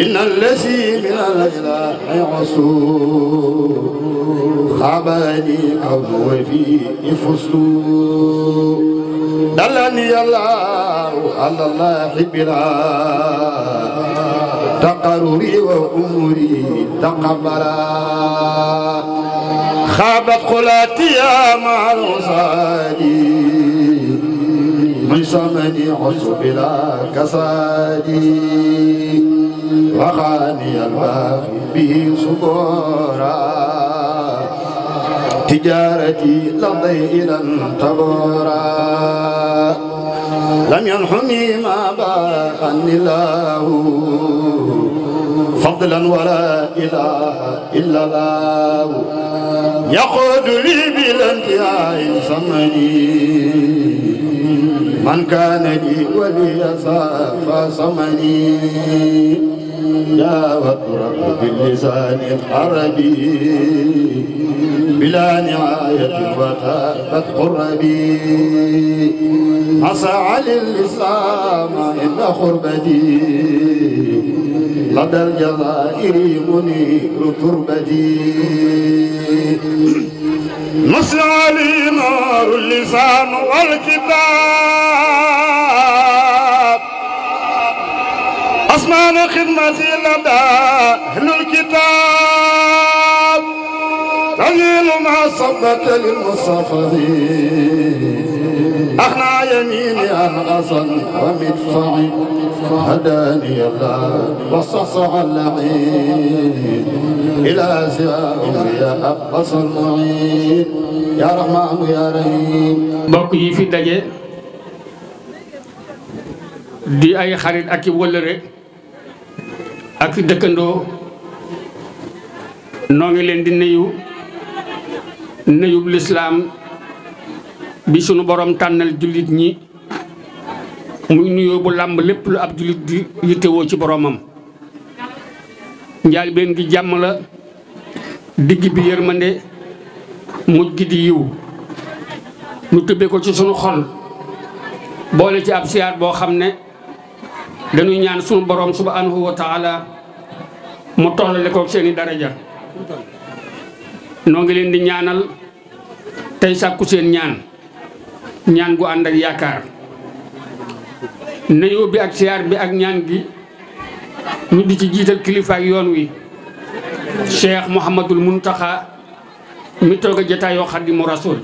إن الذي من الأجلاء عصور خابني قبل وفي فسور دلني الله على الله بلا تقرري وأمري تقبلا خابت قلاتي مع الوصالي من صمد عصب لا كسادي وخاني الباخي به سكورا تجارتي لضي إلى انتبورا لم ينحني ما باعني الله فضلا ولا إله إلا الله يقود لي بالانتهاء صمني من كان لي ولي صافى صمني دعوة رب باللسان العربي بلا نهاية وتابت قربي عصى علي الإسلام إن خربتي لدى الجزائر منير تربتي نصر علي نار اللسان والكتاب أسمان خدمتي لدى أهل الكتاب تنيل ما صبت للمصطفى أخنا يميني عن أصل ومدفعي هداني الله وصصع اللعين إلى سواهم يا أبص المعين يا رحمن يا رحيم بقي في دجي دي أي خريط أكي ولري ak dëkkandoo noo ngi leen di nuyu nuyub lislaam bi sunu boroom tànnal jullit ñi muy nuyoo bu làmb lépp lu ab jullit di yittewoo ci boroomam njaal been gi jàmm la digg bi yërmande mujj gi di yiw ñu tëbbee ko ci sunu xol boole ci ab siyaar boo xam ne dañuy ñaan sunu borom subhanahu wa taala mu tollale ko seeni daraja noo ngi leen di ñaanal tey sàkku seen ñaan ñaan gu ànd ak yaakaar nuyoo bi ak siyaar bi ak ñaan gi ñu di ci jiital kilifa yoon wi cheikh mouhamadul muntaxa mi toog a jataayoo mu rasul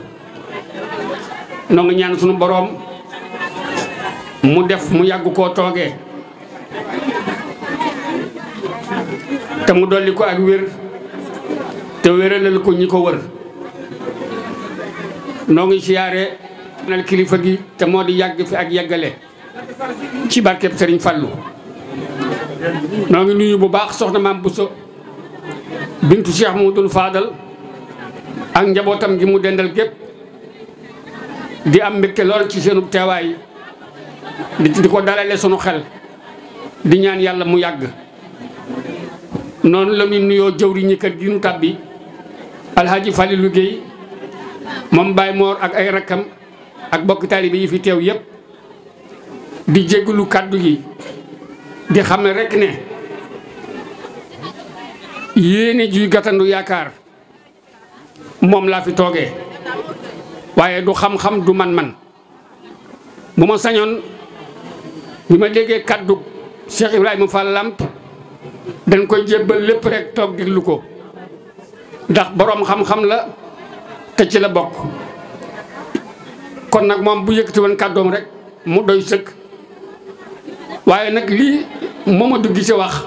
noo ngi ñaan sunu boroom mu def mu yàgg koo toogee te mu dolli ko ak wér te wéralal ko ñi ko wër noo ngi siyaare nal kilifa gi te moo di yàgg fi ak yàggale ci barkeb Sëriñ Fallu noo ngi nuyu bu baax soxna maam Bousso bintu Cheikh Mouhamadoul Fadal ak njabootam gi mu dendal gépp di am mbégte lool ci seenu teewaay di ko dalale sunu xel di ñaan yàlla mu yàgg noonu la ñu nuyoo jëwriñi kër gi ñu tàbbi alxaaji Falilu Géey moom Baay Moor ak ay rakkam ak bokki taalibe yi fi teew yépp di jégalu kàddu gi di xam ne rekk ne yéene juy gàttandu yaakaar moom laa fi toogee waaye du xam-xam du man-man bu ma sañoon bi ma déggee kàddu Cheikh Ibrahima Fall Lamp dañ koy jébbal lépp rek toog diglu ko ndax boroom xam-xam la te ci la bokk kon nag moom bu yëkkati woon kàddoom rek mu doy sëkk waaye nag lii Mamadou Guissé wax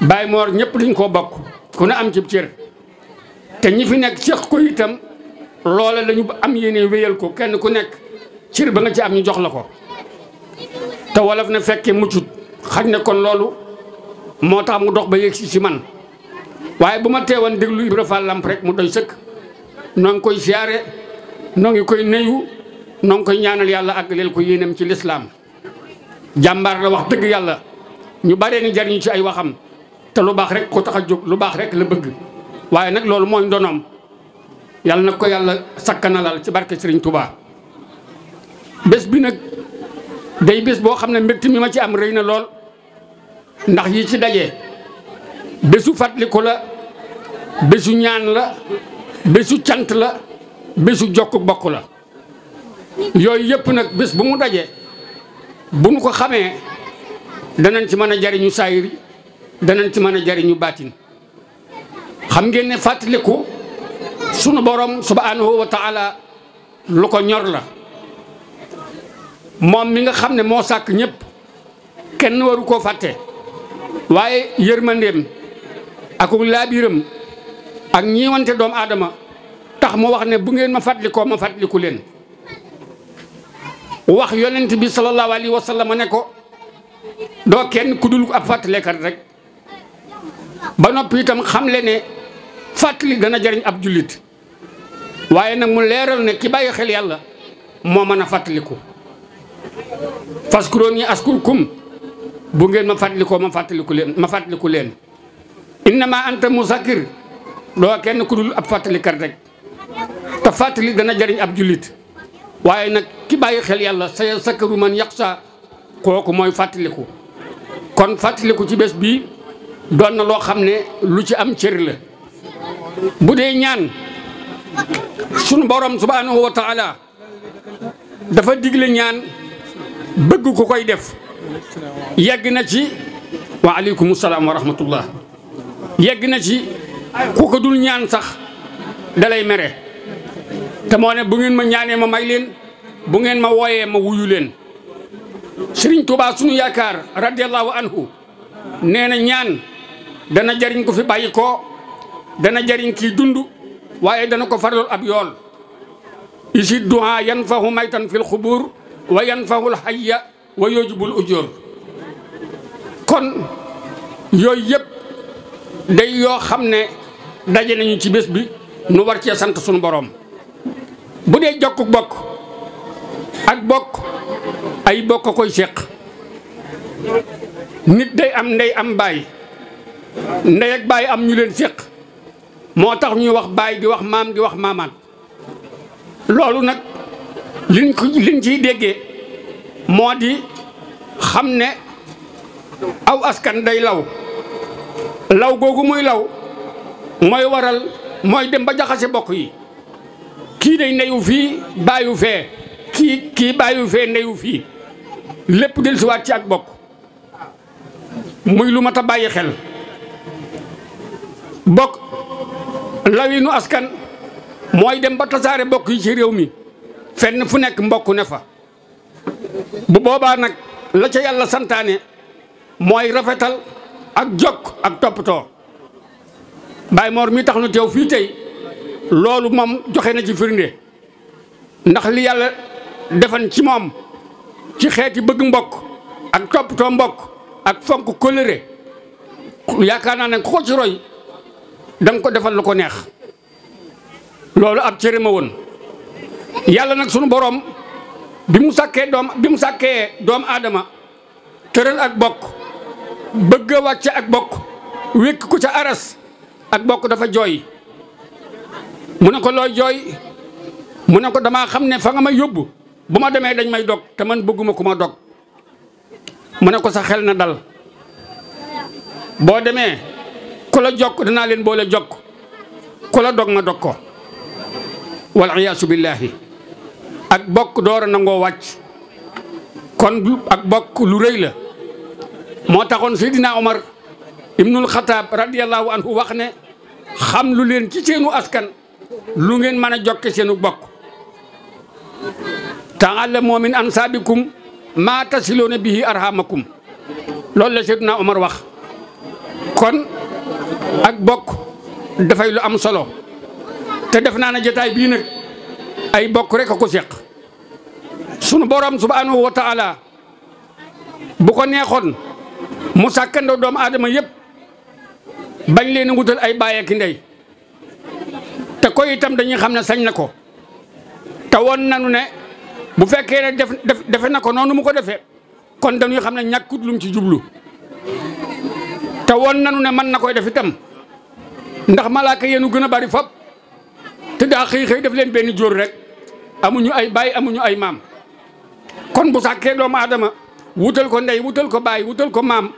Baye Mor ñëpp dañ koo bokk ku ne am ci cër te ñi fi nekk seq ko itam loola lañu am yéene wéyal ko kenn ku nekk cër ba nga ci am ñu jox la ko te wolof na fekkee muccut xaj na kon loolu moo tax mu dox ba yegsi ci man waaye bu ma teewoon déglu Ibra Fall Lamp rek mu doy sëkk noo ngi koy siyaare noo ngi koy nuyu noo koy ñaanal yàlla àggaleel ko yéenam ci lislaam jàmbaar la wax dëgg yàlla ñu baree ni jariñu ci ay waxam te lu baax rek ko tax a jóg lu baax rek la bëgg waaye nag loolu mooy ndonoom yàlla na ko yàlla sakkanalal ci barke Serigne Touba bés bi nag day bés boo xam ne mbégte mi ma ci am rëy na lool. ndax yi ci daje bésu fàttaliku la bésu ñaan la bésu cant la bésu jokk bokk la yooyu yëpp nag bés bu mu daje bu nu ko xamee danañ ci mën a jariñu saayir danañ ci mën a jariñu baatin xam ngeen ne fàttaliku sunu borom subhanahu wa taala lu ko ñor la moom mi nga xam ne moo sàkk ñëpp kenn waru koo fàtte waaye yërmandeem akuk laabiram ak ñiiwante doomu aadama tax mu wax ne bu ngeen ma fàttalikoo ma fàttaliku leen wax yonent bi sallallahu alayhi wa sallam ne ko doo kenn ku dul ab fàttaleekat rek ba noppi itam xamle ne fàttali dana jariñ ab jullit waaye nag mu leeral ne ki bàyyi xel yàlla moo mën a fàttaliku faskuroon yi askurkum bu ngeen ma fàttalikoo ma fàttaliku leen ma fàttaliku leen innama anta musakir doo kenn ku dul ab fàttalikat rek te fàttali dana jariñ ab jullit waaye nag ki bàyyi xel yàlla saya sakkaru man yaxsa kooku mooy fàttaliku kon fàttaliku ci bés bii doon na loo xam ne lu ci am cër la bu dee ñaan sunu borom subhanahu wa dafa digle ñaan bëgg ku koy def yegg na ci wa aleykum yegg na ci ku ko dul ñaan sax dalay mere te moo ne bu ngeen ma ñaanee ma may leen bu ngeen ma wooyee ma wuyu leen Sëriñ Tuubaa sunu yaakaar radiallahu anhu nee na ñaan dana jariñ ko fi bàyyi ko dana jariñ kii dund waaye dana ko faralool ab yool isi duha yanfahu maytan fil xubur wa yanfahu lxayya wa yoojubul ujóor kon yooyu yëpp day yoo xam ne daje nañu ci bés bi nu war cee sant suñu boroom bu dee jokku bokk ak bokk ay bokk koy séq nit day am ndey am baay ndey ak baay am ñu leen séq moo tax ñuy wax baay di wax maam di wax maamaat loolu nag liñ ko liñ ciy déggee moo di xam ne aw askan day law law googu muy law mooy waral mooy dem ba jaxase bokk yi kii day neyu fii bàyyu fee kii kii bàyyu fee neyu fii lépp del siwaat ci ak bokk muy lu mat a bàyyi xel bokk lawinu askan mooy dem ba tasaare bokk yi ci réew mi fenn fu nekk mbokk ne fa bu boobaa nag la ca yàlla santaane mooy rafetal ak jokk ak toppatoo Baye Mor mi tax nu teew fii tey loolu moom joxe na ci firnde ndax li yàlla defan ci moom ci xeeti bëgg mbokk ak toppatoo mbokk ak fonk kóllëre yaakaar naa ne ku ko ci roy danga ko defal lu ko neex loolu ab cërëma woon yàlla nag sunu boroom bi mu sakkee doom bi mu sàkkee doom aadama tëral ak bokk bëgg a wàcce ak bokk wékk ko ca aras ak bokk dafa jooy mu ne ko looy jooy mu ne ko damaa xam ne fa nga may yóbbu bu ma demee dañ may dog te man bëgguma ku ma dog mu ne ko sa xel na dal boo demee ku la jokk danaa leen boole jokk ku la dog ma dog ko wal iyaasu billaahi ak bokk door nangoo wàcc kon ak bokk lu rëy la moo taxoon Seydina Omar ibnul Xataab radiyallahu anhu wax ne xam lu leen ci seenu askan lu ngeen mën a jokke seenu bokk ta'allamu min ansaabikum maa tasiluuna bihi arhamakum loolu la Seydina Omar wax kon ak bokk dafay lu am solo te def naa na jotaay bii nag ay bokk rekk a ko seq sunu borom subhanahu wa taala bu ko neexoon mu sàkkandoo doomu aadama yëpp bañ leen a wutal ay baay ak ndey te koy itam dañuy xam ne sañ na ko te woon nanu ne bu fekkee ne def defe na ko noonu mu ko defee kon dañuy xam ne ñàkkut lum ci jublu te woon nanu ne mën na koy def itam ndax malaaka yeenu gën a bari fop te daa xëy xëy def leen benn jóor rek. amuñu ay baay amuñu ay maam kon bu sàkkee doomu aadama wutal ko ndey wutal ko baay wutal ko maam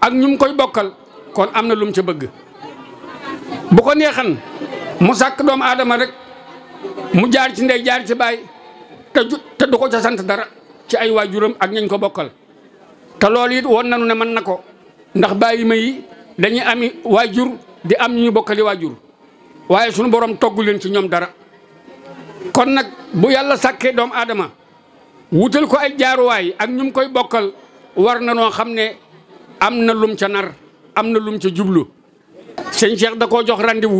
ak ñu mu koy bokkal kon am na lu mu ca bëgg bu ko neexan mu sàkk doomu aadama rek mu jaar ci ndey jaar ci baay te te du ko ca sant dara ci ay waajuram ak ñañ ko bokkal te loolu it woon nañu ne mën na ko ndax bàyyi ma yi dañuy ami waajur di am ñu ñu bokkali waajur waaye sunu borom togg leen ci ñoom dara kon nag bu yàlla sàkkee doomu aadama wutal ko ay jaaruwaay ak ñu koy bokkal war na noo xam ne am na lum ca nar am na lum ca jublu. sëñ Cheikh da koo jox rendez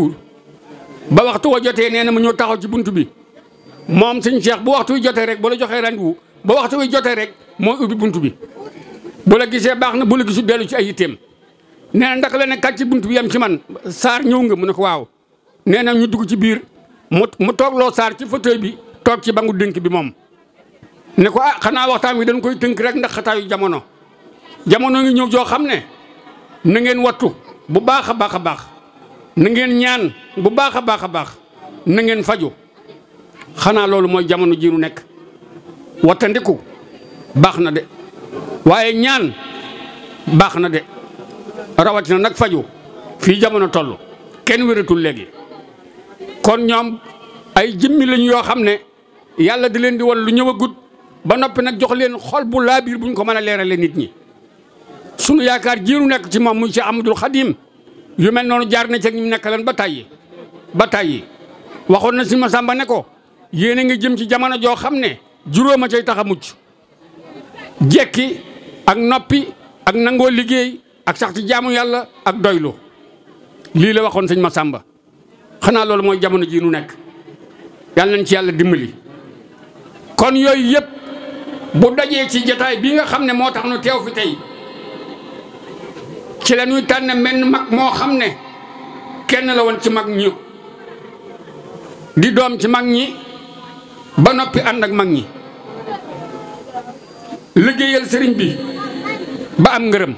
ba waxtu wa jotee nee na mu ñëw taxaw ci bunt bi moom sëñ Cheikh bu waxtu wi jotee rek bu la joxee rendez-vous ba waxtu wi jotee rek mooy ubbi bunt bi bu la gisee baax na bu la gisu dellu ci ay yitteem nee na ndax la ne kàcc ci bunt bi yam ci man saar ñëw nga mu ne ko waaw nee na ñu dugg ci biir. mu mu toog loo saar ci fauteuil bi toog ci bangu dénk bi moom ne ko ah xanaa waxtaan wi dañ koy tënk rek ndax xataayu jamono jamono ngi ñëw joo xam ne na ngeen wattu bu baax a baax a baax na ngeen ñaan bu baax a baax a baax na ngeen faju xanaa loolu mooy jamono ji nu nekk wattandiku baax na de waaye ñaan baax na de rawatina nag faju fii jamono toll kenn wératul léegi kon ñoom ay jëmmi lañ yoo xam ne yàlla di leen di wan lu ñëwagut ba noppi nag jox leen xol bu laabiir buñ ko mën a leerale nit ñi sunu yaakaar jiinu nekk ci moom muy ci Amadul Xadim yu mel noonu jaar na ci ñu nekk leen ba tàyyi ba tàyyi waxoon na si Masamba ne ko yéen a ngi jëm ci jamono joo xam ne juróom a cay tax a mucc jekki ak noppi ak nangoo liggéey ak sax ci jaamu yàlla ak doylu lii la waxoon ma sàmba xanaa loolu mooy jamono ji nu nekk yàlla nañ ci yàlla dimbali kon yooyu yëpp bu dajee ci jataay bi nga xam ne moo tax nu teew fi tey ci la ñuy tànn menn mag moo xam ne kenn la woon ci mag ñi di doom ci mag ñi ba noppi ànd ak mag ñi liggéeyal sëriñ bi ba am ngërëm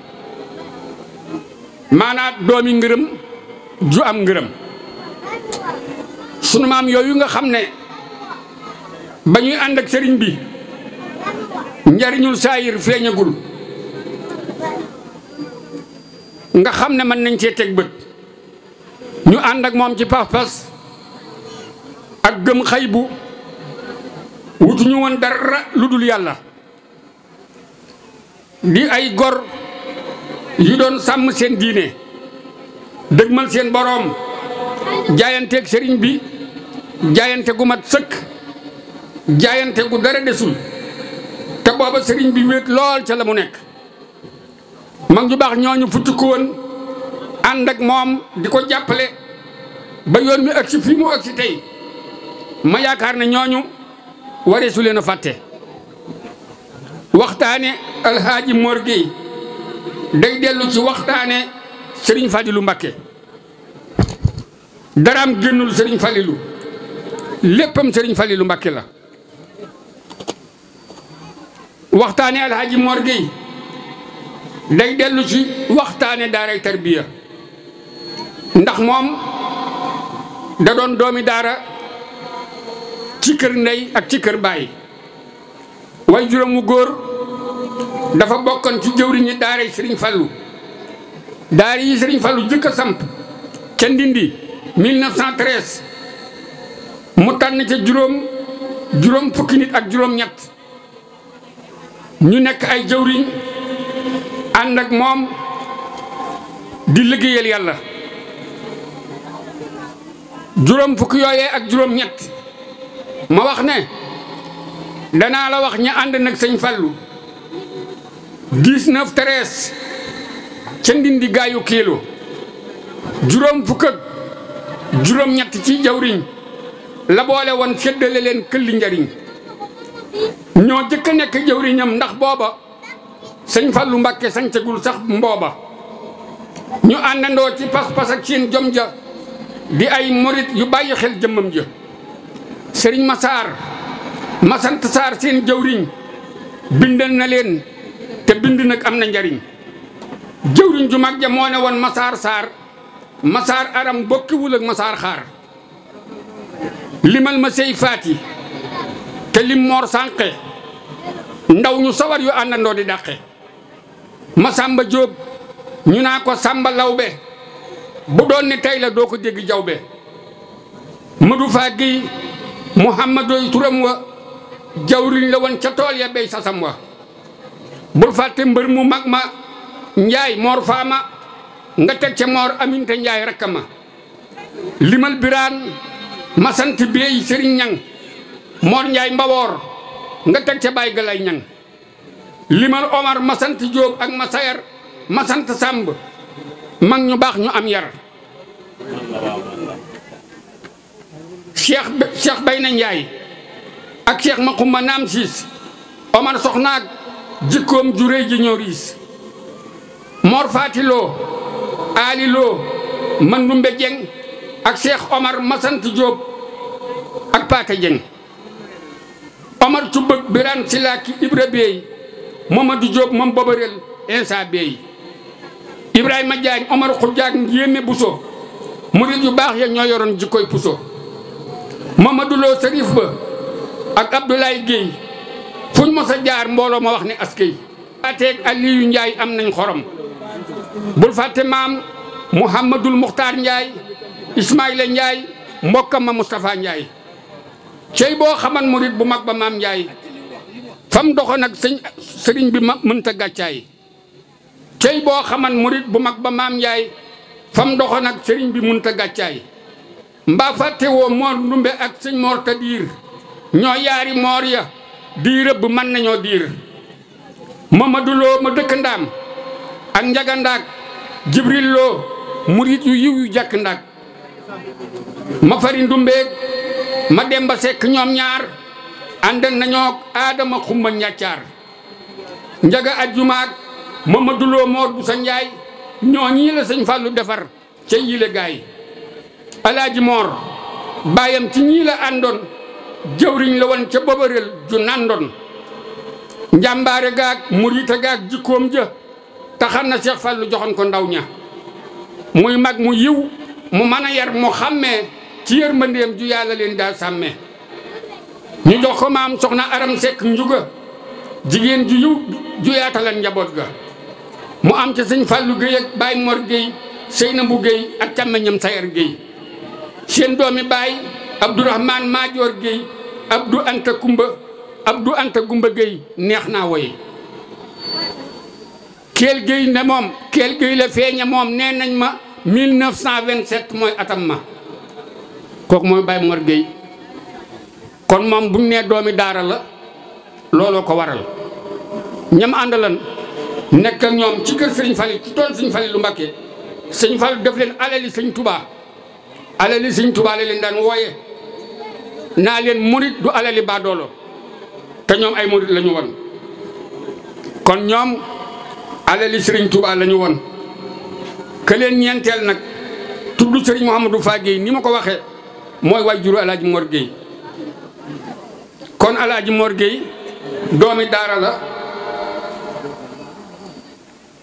maanaam doomi ngërëm ju am ngërëm sunu maam yooyu nga xam ne ba ñuy ànd ak sëriñ bi njariñul saayir feeñagul nga xam ne mën nañ cee teg bët ñu ànd ak moom ci pas-pas ak gëm xay bu wutuñu woon dara lu dul yàlla di ay gor yu doon sàmm seen diine dëgmal seen boroom jaayanteeg sëriñ bi jaayante gu mat sëkk jaayante gu dara desul te booba sëriñ bi wéet lool ca la mu nekk mag ñu baax ñooñu futtiku woon ak moom di ko jàppale ba yoon mi agsi fii mu agsi tey ma yaakaar ne ñooñu waree su leen a fàtte waxtaane alxaaji Mor Gueye day dellu ci waxtaane sëriñ Fadilou Mbakke daraam génnul sëriñ Fadilou léppam sëriñ Falilu Mbàkke la waxtaane alxaaji Mor Gueye day dellu ci waxtaane daaray tarbiya ndax moom da doon doomi daara ci kër ndey ak ci kër baay way juróom wu góor dafa bokkoon ci jëwriñi daaray sëriñ Fallu daara yi sëriñ Fallu jëkk a samp ca Ndindi mu tànn ca juróom juróom fukki nit ak juróom ñett ñu nekk ay jëwriñ ànd ak moom di liggéeyal yàlla juróom fukki yooyee ak juróom ñett ma wax ne dana la wax ña ànd nag sëñ Fallou dix-neuf treize ca ndindi gaayu kiilo juróom fukk juróom ñett ci jawriñ la boole woon séddale leen këlli njariñ ñoo jëkk a nekk jëwriñam ndax booba sëñ Fallou Mbakke sañtagul sax mbooba ñu àndandoo ci pas-pas ak seen jom ja di ay morit yu bàyyi xel jëmmam ja sëriñ Masaar Masant Saar seen jëwriñ bindal na leen te bind nag am na njariñ jëwriñ ju mag ja moo ne woon Masaar Saar Masaar Aram bokkiwul ak Masaar Xaar limal ma sey faati te lim moor sànqe ndaw ñu sawar yu àndandoo di dàqe ma sàmba jóob ñu naa ko sàmba lawbe bu doon ne tey doo ko dégg jawbe madu faa gi muhammadooy turam wa jawriñ la woon ca tool ya bey sasam wa bul fàtte mbër mu mag ma njaay moor faama nga teg ca aminte njaay rakka ma limal biraan masant sant biey sëriñ ñang moor njaay mbawoor nga teg ca bàyyi galay ñang limal omar ma sant ak ma sayar ma sàmb mag ñu baax ñu am yar cheikh cheikh bay na njaay ak cheikh ma xumba naam siis omar soxnaak jikkoom ju réy ji ñoo moor faati loo aali loo man ak Cheikh Omar Masant Diop ak Paate Dieng Omar Cubbëg Birane Silaaki Ibra Bey Mamadou Diop moom Bobareel Insa Bey Ibrahima Diagne Omar Xujaag Njéeme Buso murid yu baax ya ñoo yoroon jikkoy puso Mamadou Lo Sërif Ba ak Abdoulaye Guèye fuñ mos a jaar mbooloo ma wax ne askey ateeg Aliyu Njaay am nañ xorom bul fàtte maam Mouhamadul Muxtaar Njaay Ismaïla Ndiaye mbokkam ma Moustapha Ndiaye cey boo xaman murit bu mag ba maam Ndiaye fam doxoon ak sëriñ bi ma mënta gàccaay cey boo xaman murit bu mag ba maam Ndiaye fam doxoon ak sëriñ bi mënta gàccaay mbaa fàtte woo moor ndumbe ak sëñ moor diir ñoo yaari moor ya di rëbb mën nañoo diir Mamadou Lo ma dëkk ak njagandaak Jibril Lo yu yiw yu ma fari ndumbeeg ma demba sekk ñoom ñaar ànd ak nañoo aadama xumba njàccaar njaga ajjumaag Mamadou Lo Mor bu sa ñoo ñii la sëñ defar ca yile gaay alaaji baayam ci ñii la àndoon jëwriñ la woon ca bobareel ju nandoon njàmbaare gaag murita gaag jikkoom ja taxan na Cheikh Fallou joxoon ko ndaw ña muy mag mu yiw mu mën a yar mu xàmmee ci yërmandeem ju yàlla leen daal sàmmee ñu jox ko maam soxna aram sekk njuga jigéen ju yiw ju yaatalan njaboot ga mu am ci sëñ Fallou Guèye ak Baye Mor na Seynabou géy ak càmmeñam Sayar Guèye seen doomi Baye Abdourahmane Madior Guèye Abdou Anta Gumba Guèye neex naa woy Kelle Guèye ne moom Kelle Guèye la feeña moom nee nañ ma 1927 mooy atam kooku mooy Baye Mor Gueye kon moom bu nee doomi daara la looloo ko waral ñam àndalan nekk ñoom ci kër sëriñ Fali ci tool sëriñ Fali lu Mbakke sëriñ Fali def leen alali sëriñ Touba alali sëriñ Touba la leen daan wooye naa leen murit du alali baadoolo te ñoom ay murit lañu ñu woon kon ñoom alali sëriñ Touba la woon ke leen ñeenteel nag tudd sëriñ Mouhamadou Fa Gueye ni ma ko waxee mooy waajuru alaaji Mor Gueye kon alaaji Mor Gueye doomi daara la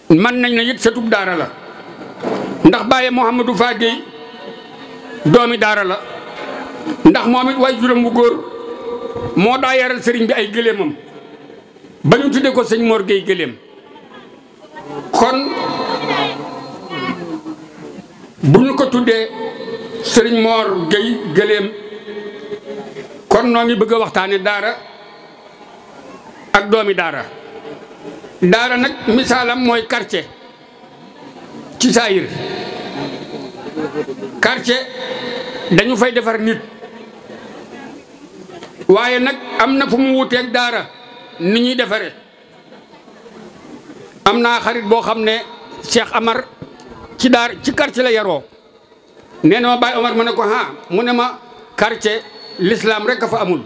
man nañ na it sëtub daara la ndax bàyye Mouhamadou Fa Gueye doomi daara la ndax moom it waajuram bu góor moo daa yaral sëriñ bi ay gëléemam ba ñu ko sëñ Mor Gueye gëléem kon bu ñu ko tuddee sëriñ Mor Gueye Gëléem kon noo bëgg a waxtaane daara ak doomi daara daara nag misaalam mooy quartier ci saayir quartier dañu fay defar nit waaye nag am na fu mu wuuteeg daara ni ñuy defare am naa xarit boo xam ne Cheikh Amar ci daar ci quartier la yaroo nee na ma Baye Omar ma ne ko ah mu ne ma quartier l'islam rek a fa amul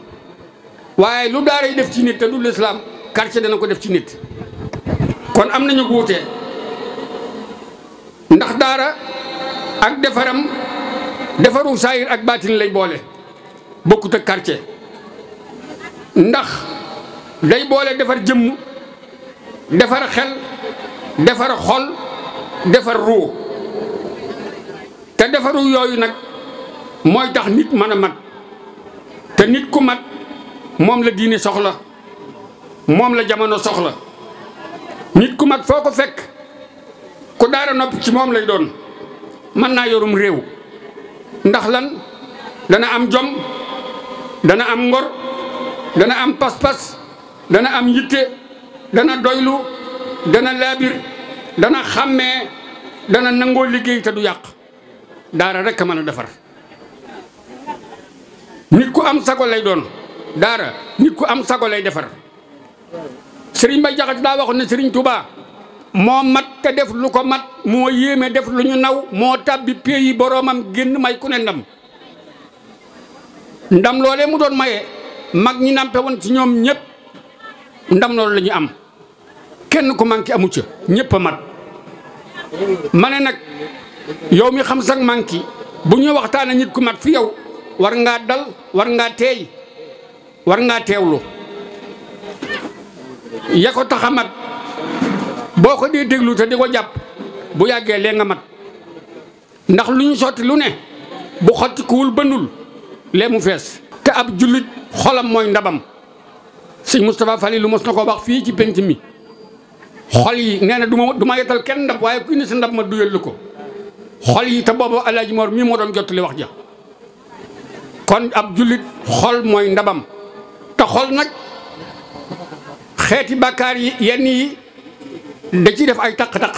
waaye lu daara yi def ci nit te du l'islam quartier dana ko def ci nit kon am nañu wuute ndax daara ak defaram defaru saayir ak baatin lay boole bokkut ak quartier ndax day boole defar jëmm defar xel defar xol defar ruu te defaru yooyu nag mooy tax nit mën a te nit ku mat moom la diine soxla moom la jamono soxla nit ku mat foo ko fekk ku daara nopp ci moom lay doon mën naa yorum réew ndax lan dana am jom dana am ngor dana am pas-pas dana am yitte dana doylu dana laabir dana xàmmee dana nangoo liggéey te du yàq daara rek a mën defar nit ku am sago lay doon daara nit ku am sago lay defar sëriñ Bay Jaxate daa waxoon ne sëriñ Tuubaa moo mat te def lu ko mat moo yéeme def lu ñu naw moo tàbbi péeyi boroomam génn may ku ne ndam ndam loole mu doon maye mag ñi nampe ci ñoom ñëpp ndam loolu la ñu am kenn ku manqué amu ca ñëpp mat ma ne nag yow mi xam sax manki bu ñuy waxtaanee ñit ku mat fi yow war ngaa dal war ngaa teey war ngaa teewlu ya ko tax a mat boo ko dee déglu te di ko jàpp bu yàggee leen nga mat ndax lu ñu sotti lu ne bu xottikuwul bëndul lee mu fees te ab jullit xolam mooy ndabam sëñ Moustapha Fali lu mos na ko wax fii ci penc mi xol yi nee na du ma du ma yetal kenn ndab waaye ku indi sa ndab ma duyal ko xol yi te boobu alaaji Mor mii moo doon jottali wax ja kon ab jullit xol mooy ndabam te xol nag xeeti bàkkaar yi yenn yi da ciy def ay taq-taq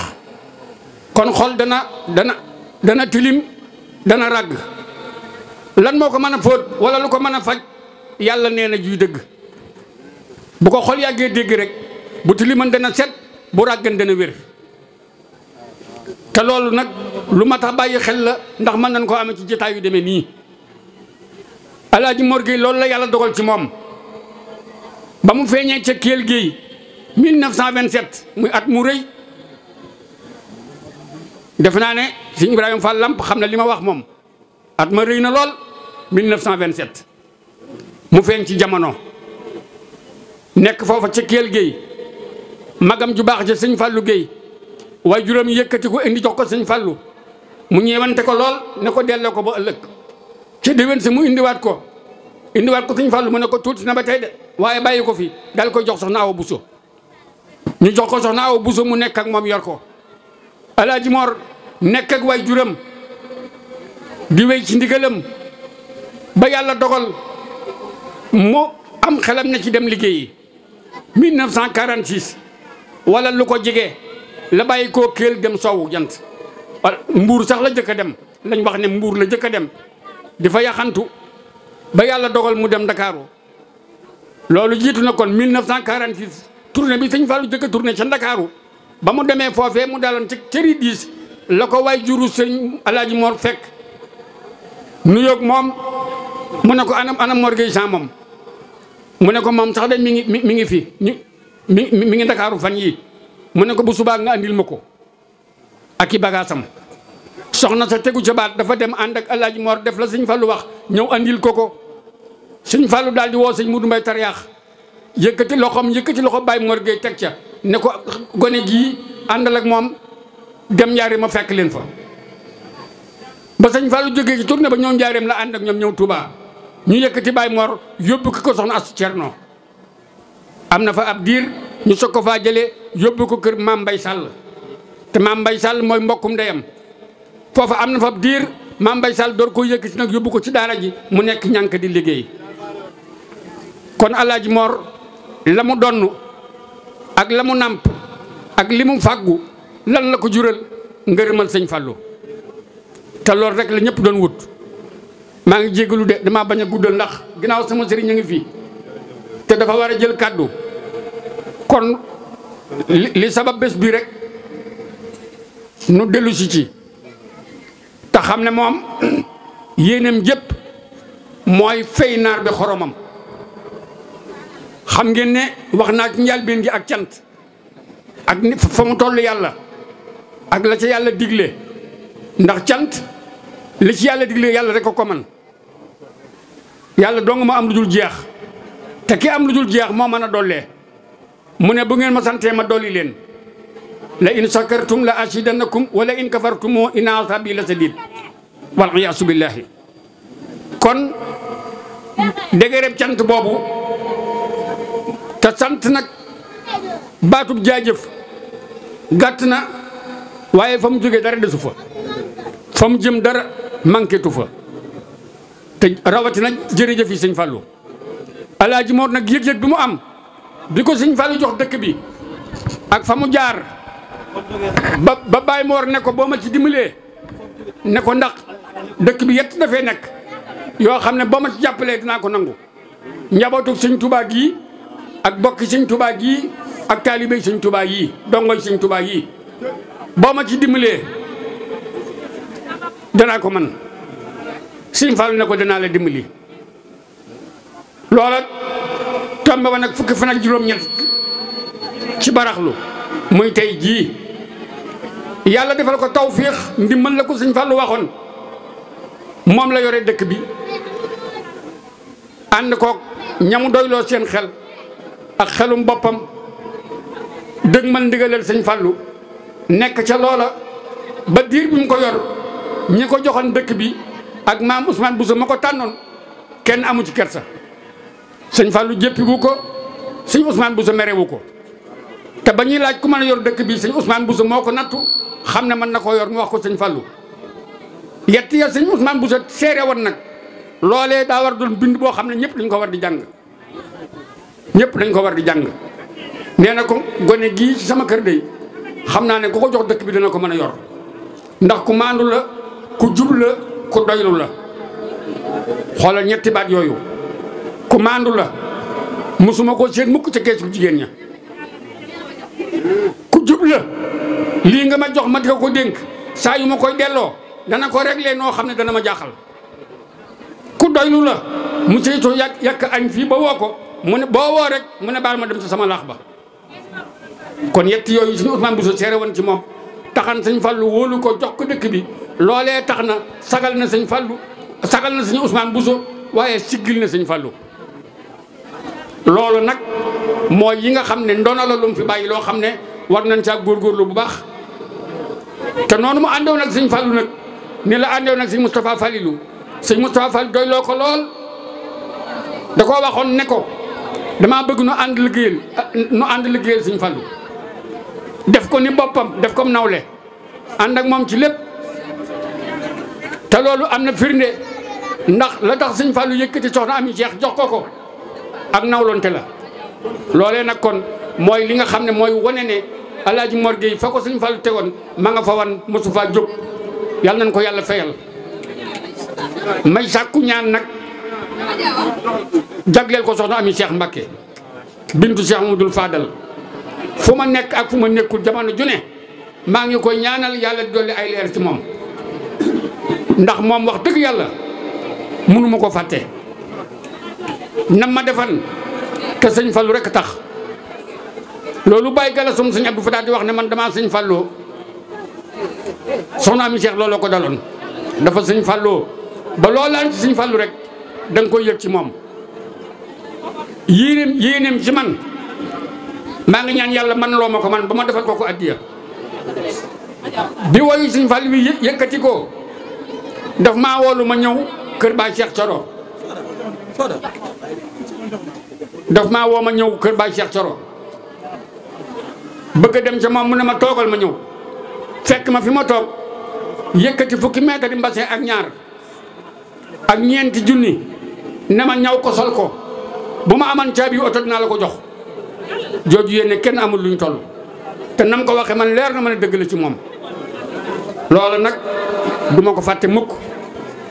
kon xol dana dana dana tilim dana ràgg lan moo ko mën a fóot wala lu ko mën a faj yàlla nee na juy dëgg bu ko xol yàggee dégg rek bu tiliman dana set bu ràggan dana wér te loolu nag lu ma tax bàyyi xel la ndax mën nañ koo amee ci jotaay yu demee nii alaaji Mor Gueye loolu la yàlla dogal ci moom ba mu feeñee ca Kelle Gueye 1927 muy at mu rëy defe naa ne sëñ Ibrahima Fall Lamp xam na li ma wax moom at ma rëy na lool 1927 mu feeñ ci jamono nekk foofa ca Kelle Gueye magam ju baax ca sëñ Fallou Gueye waaye juróom yëkkati ko indi jox ko sëñ Fallou mu ñeewante ko lool ne ko delloo ko ba ëllëg ci déwén si mu indiwaat ko indiwaat ko suñu fal mu ne ko tuuti na ba tey de waaye bàyyi ko fi dal ko jox soxna Awa Bousso ñu jox ko soxna Awa Bousso mu nekk ak moom yor ko alaaji Mor nekk ak way juram di wéy ci ndigalam ba yàlla dogal mu am xelam na ci dem liggéeyi 1946 wala lu ko jege la bàyyi koo kéel dem soowu jant mbuur sax la jëkk a dem lañ wax ne mbuur la jëkk a dem di fa yaxantu ba yàlla dogal mu dem ndakaaru loolu jiitu na kon 1946 tournée bi sëñ Fallou jëkk a tournée ca ndakaaru ba mu demee foofee mu daaloon ci cëri diis la ko waay juru sëñ alaaji Mor fekk nu yoog moom mu ne ko anam anam moom mu ne ko moom sax de mi ngi mi ngi fi mi mi ngi ndakaaru fan yii mu ne ko bu subaa nga andil ma ko ak i bagaasam soxna sa tegu ca baat dafa dem ànd ak alaaji Mor def la sëñ Fallou wax ñëw andil ko ko sëñ fal daal di woo sëñ Moudou Mbaye Tariyaax yëkkati loxoom yëkkati loxo Baye Mor Gueye teg ca ne ko gone gii àndal ak moom dem njaareem ma fekk leen fa. ba sëñ Fallou jógee ci tournée ba ñoom njaareem la ànd ak ñoom ñëw Touba ñu yëkkati Baye Mor yóbbu ki ko soxna Asu Cerno am na fa ab diir ñu soog ko faa jëlee yóbbu ko kër Maam Mbay Sàll te maam Mbay Sall mooy mbokkum ndeyam foofu am na fa diir maam Mbay Sall door ko yëkkati nag yóbbu ko ci daara ji mu nekk ñànk di liggéey kon Alaaji Mor la mu donn ak la mu nàmp ak li mu fàggu lan la ko jural ngërëmal sëñ Fallu te loolu rek la ñëpp doon wut maa ngi jégalu de damaa bañ a guddal ndax ginnaaw sama sëriñ a ngi fii te dafa war a jël kàddu kon li sabab bés bii rek nu dellusi ci te xam ne moom yéenem jëpp mooy fay naar bi xoromam xam ngeen ne wax naa ci njëlbéen gi ak cant ak ni fa mu toll yàlla ak la ca yàlla digle ndax cant li ci yàlla digle yàlla rek a ko man yàlla dong ma am lu dul jeex te ki am lu dul jeex moo mën a dollee mu ne bu ngeen ma santee ma dolli leen la in shakartum la azidannakum wala in kafartum inna azabi la sadid wal iyaasu billahi kon dëgërëb cant boobu te cant nag baatub jaajëf gàtt na waaye fa mu jógee dara desu fa fa mu jëm dara manquetu fa te rawatina jërëjëf yi sëñ Fallou Alaaji nag yëg-yëg bi mu am bi ko sëñ Fallou jox dëkk bi ak fa mu jaar ba ba Baye ne ko boo ma ci dimbalee ne ko ndax dëkk bi yett dafee nekk yoo xam ne boo ma ci jàppalee dinaa ko nangu njabootu sëñ Tuubaa gi ak bokki sëñ Tuubaa gi ak taalibey sëñ Tuubaa yi dongoy sëñ Tuubaa yi boo ma ci dimbalee danaa ko man sëñ Fallu ne ko danaa la dimbali loola tombe woon nag fukki fan ak juróom-ñett ci baraxlu muy tey jii yàlla defal ko tawfiix ndimbal la ko sëñ Fallou waxoon moom la yore dëkk bi ànd koog ñamu doyloo seen xel ak xelum boppam dëgg man ndigaleel sëñ Fallou nekk ca loola ba diir bi mu ko yor ñi ko joxoon dëkk bi ak maam Ousmane Bousso ma ko tànnoon kenn amu ci kersa sëñ Fallou jéppiwu ko sëñ bu sa merewu ko te ba ñuy laaj ku mën a yor dëkk bi sëñ Ousmane Bousso moo ko nattu xam ne mën na koo yor mu wax ko sañ Fallou yett ya sëñ Ousmane Bousso seere woon nag loole daa war doon bind boo xam ne ñëpp dañ ko war di jàng ñëpp dañ ko war di jàng nee na ko gone gi ci sama kër day xam naa ne ku ko jox dëkk bi dana ko mën a yor ndax ku maandu la ku jubla la ku doylu la xoolal ñetti baat yooyu ku maandu la musuma koo séen mukk ca keesu jigéen ña ku jub la lii nga ma jox ma di ko dénk saa yu ma koy delloo dana ko réglé noo xam ne dana ma jaaxal ku doylu la mu saytu yàq yàkk añ fii ba woo ko mu ne boo woo rek mu ne baal ma dem ci sama laax ba kon yett yooyu suñu Ousmane Bousso seere woon ci moom taxan sëñ Fallou wóolu ko jox ko dëkk bi loolee tax na sagal na sëñ Fallou sagal na sëñ Ousmane Bousso waaye siggil na sëñ Fallou loolu nag mooy yi nga xam ne ndono la lu fi bàyyi loo xam ne war nañ caa góorgóorlu bu baax te noonu mu àndoon nag sëñ Fallou nag ni la àndoon nag sëñ Moustapha Falilou sëñ Moustapha Fall doy loo ko lool da koo waxoon ne ko damaa bëgg nu ànd liggéeyal nu ànd liggéeyal sëñ Fallou def ko ni boppam def ko nawle ànd ak moom ci lépp te loolu am na firnde ndax la tax sëñ Fallou yëkkati soxna Ami Cheikh jox ko ko ak nawlonte la loole nag kon mooy li nga xam ne mooy wane ne alaaj Hadj Mor Gueye fa ko suñu Fallu tegoon ma nga fa wan mosu faa jóg yàlla nañ ko yàlla fayal may sàkku ñaan nag jagleel ko soxna Ami Cheikh Mbacké bintu mu Moudoul Fadal fu ma nekk ak fu ma nekkul jamono ju maa ngi koy ñaanal yàlla dolli ay leer ci moom ndax moom wax dëgg yàlla mënuma ko fàtte na ma defan te sëñ Fallou rek tax loolu bàyyi galasum sëñ Abdou Fatah di wax ne man damaa sëñ faloo soxnaa mi Cheikh looloo ko daloon dafa sëñ faloo ba loolaan ci sëñ Fallou rek danga nga koy yëg ci moom yéeneem yéeneem ci man maa ngi ñaan yàlla man loo ma ko man ba ma defal ko ko addiya bi woyu sëñ Fallou bi yëkkati ko daf maa woolu ma ñëw kër baa Cheikh Coro daf maa woo ma ñëw kër Baye Cheikh Coro bëgg a dem ca moom mu ne ma toogal ma ñëw fekk ma fi ma toog yëkkati fukki meetar yi mbase ak ñaar ak ñeenti junni ne ma ñaw ko sol ko bu ma aman caabi oto dinaa la ko jox jooju yéen kenn amul luñ toll te nam ko waxee man leer na ma a dëgg la ci moom loolu nag duma ko fàtte mukk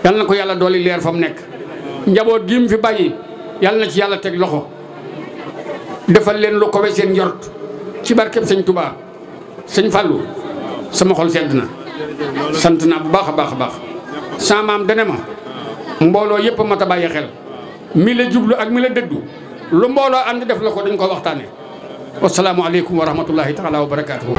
yal na ko yàlla dooli leer fa mu nekk njaboot gi fi bàyyi yalla na ci yàlla teg loxo defal leen lu kowe seen njort ci barkeb sëñ Touba sëñ Fallou sama xol sedd na sant naa bu baax a baax a baax sama maam ma mbooloo yépp a mat a bàyyi xel mi la jublu ak mi la dëddu lu mbooloo ànd def la ko dañ ko waxtaane wasalaamu aleykum wa rahmatullahi taala wa barakaatuhu